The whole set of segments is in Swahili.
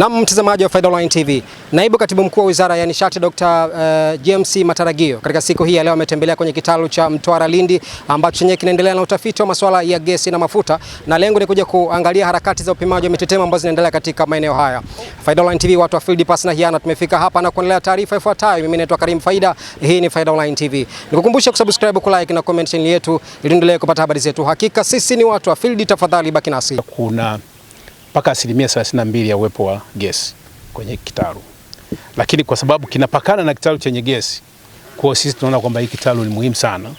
Na mtazamaji wa Faida Online TV, naibu katibu mkuu wa wizara ya nishati Dr. uh, eh, James Mataragio katika siku hii ya leo ametembelea kwenye kitalu cha Mtwara Lindi ambacho chenyewe kinaendelea na utafiti wa masuala ya gesi na mafuta, na lengo ni kuja kuangalia harakati za upimaji wa mitetemo ambazo zinaendelea katika maeneo haya. Faida Online TV, watu wa field pass na hiana, tumefika hapa na kuendelea taarifa ifuatayo. Mimi naitwa Karim Faida, hii ni Faida Online TV. Nikukumbusha kusubscribe, kulike na comment channel yetu ili endelee kupata habari zetu. Hakika sisi ni watu wa field, tafadhali baki nasi. Kuna mpaka asilimia mbili ya uwepo wa gesi kwenye kitalu, lakini kwa sababu kinapakana na kitalu chenye gesi, kwa sisi tunaona kwamba hii kitalu ni muhimu sana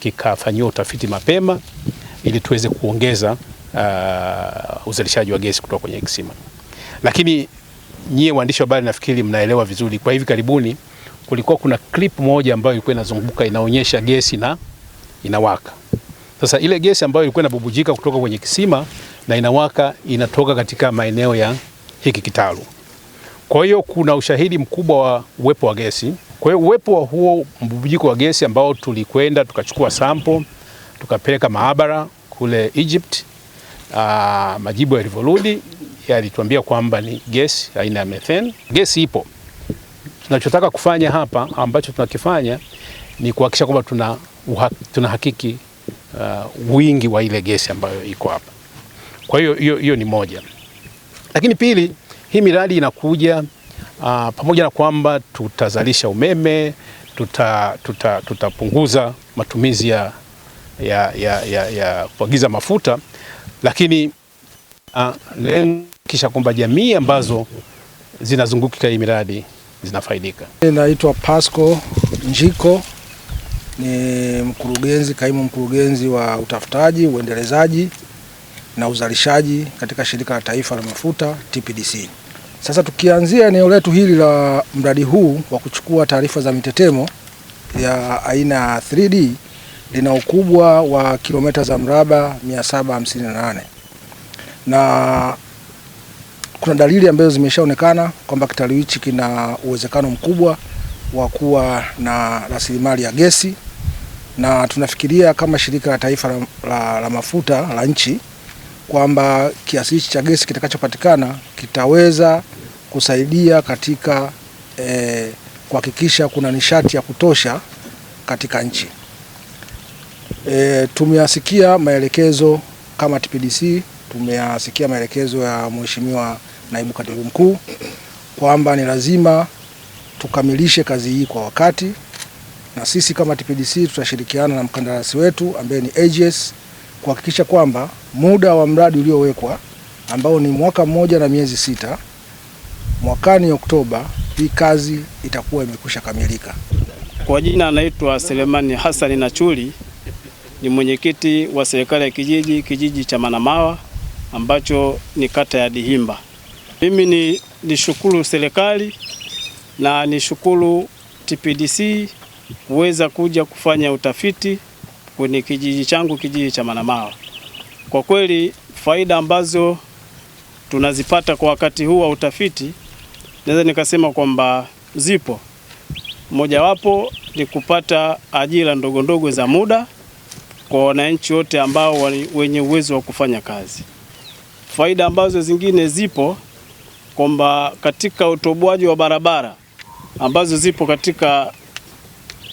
kikafanyiwa utafiti mapema ili tuweze kuongeza uh, uzalishaji wa gesi kutoka kwenye kisima. Lakini nyie waandishi wa habari, nafikiri mnaelewa vizuri, kwa hivi karibuni kulikuwa kuna clip moja ambayo ilikuwa inazunguka inaonyesha gesi na inawaka. Sasa ile gesi ambayo ilikuwa inabubujika kutoka kwenye kisima na inawaka inatoka katika maeneo ya hiki kitalu. Kwa hiyo kuna ushahidi mkubwa wa uwepo wa gesi. Kwa hiyo uwepo wa huo mbubujiko wa gesi ambao tulikwenda tukachukua sampo tukapeleka maabara kule Egypt. Aa, ah, majibu yalivyorudi yalituambia kwamba ni gesi aina ya methane. Gesi ipo. Tunachotaka kufanya hapa ambacho tunakifanya ni kuhakikisha kwamba tuna uhak, tunahakiki uh, wingi wa ile gesi ambayo iko hapa. Kwa hiyo hiyo ni moja, lakini pili, hii miradi inakuja uh, pamoja na kwamba tutazalisha umeme, tutapunguza tuta, tuta matumizi ya, ya, ya, ya, ya kuagiza mafuta, lakini uh, kisha kwamba jamii ambazo zinazunguka hii miradi zinafaidika. Naitwa Pasco Njiko ni mkurugenzi, kaimu mkurugenzi wa utafutaji, uendelezaji na uzalishaji katika shirika la taifa la mafuta TPDC. Sasa tukianzia eneo letu hili la mradi huu wa kuchukua taarifa za mitetemo ya aina ya 3D lina ukubwa wa kilomita za mraba 758 na kuna dalili ambazo zimeshaonekana kwamba kitalu hichi kina uwezekano mkubwa wa kuwa na rasilimali ya gesi, na tunafikiria kama shirika la taifa la, la, la mafuta la nchi kwamba kiasi hichi cha gesi kitakachopatikana kitaweza kusaidia katika eh, kuhakikisha kuna nishati ya kutosha katika nchi. E, tumeyasikia maelekezo kama TPDC, tumeyasikia maelekezo ya Mheshimiwa Naibu Katibu Mkuu kwamba ni lazima tukamilishe kazi hii kwa wakati, na sisi kama TPDC tutashirikiana na mkandarasi wetu ambaye ni AGS kuhakikisha kwamba muda wa mradi uliowekwa ambao ni mwaka mmoja na miezi sita, mwakani Oktoba hii kazi itakuwa imekwisha kamilika. Kwa jina anaitwa Selemani Hasani Nachuli, ni mwenyekiti wa serikali ya kijiji kijiji cha Manamawa ambacho ni kata ya Dihimba. Mimi ni nishukuru serikali na nishukuru TPDC kuweza kuja kufanya utafiti kwenye kijiji changu, kijiji cha Manamawa. Kwa kweli faida ambazo tunazipata kwa wakati huu wa utafiti naweza nikasema kwamba zipo. Mojawapo ni kupata ajira ndogo ndogo za muda kwa wananchi wote ambao wenye uwezo wa kufanya kazi. Faida ambazo zingine zipo kwamba katika utoboaji wa barabara ambazo zipo katika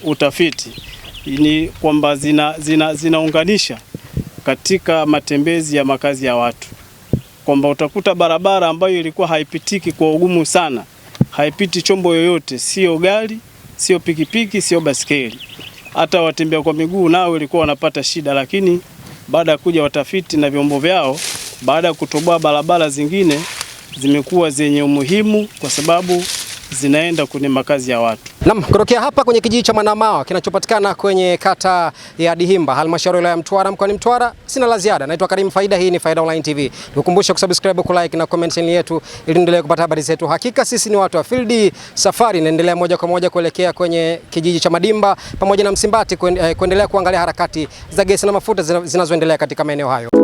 utafiti ni kwamba zina, zinaunganisha zina katika matembezi ya makazi ya watu, kwamba utakuta barabara ambayo ilikuwa haipitiki kwa ugumu sana, haipiti chombo yoyote, sio gari, sio pikipiki, sio baskeli hata watembea kwa miguu nao ilikuwa wanapata shida, lakini baada ya kuja watafiti na vyombo vyao, baada ya kutoboa barabara zingine, zimekuwa zenye umuhimu kwa sababu zinaenda kwenye makazi ya watu. Naam, kutokea hapa kwenye kijiji cha Manamawa kinachopatikana kwenye kata ya Dihimba, halmashauri ya Mtwara, mkoani Mtwara, sina la ziada. Naitwa Karim Faida, hii ni Faida Online TV. Nikukumbusha kusubscribe, kulike na comment channel yetu ili endelee kupata habari zetu. Hakika sisi ni watu wa field, safari inaendelea moja kwa moja kuelekea kwenye kijiji cha Madimba pamoja na Msimbati eh, kuendelea kuangalia harakati za gesi na mafuta zinazoendelea katika maeneo hayo.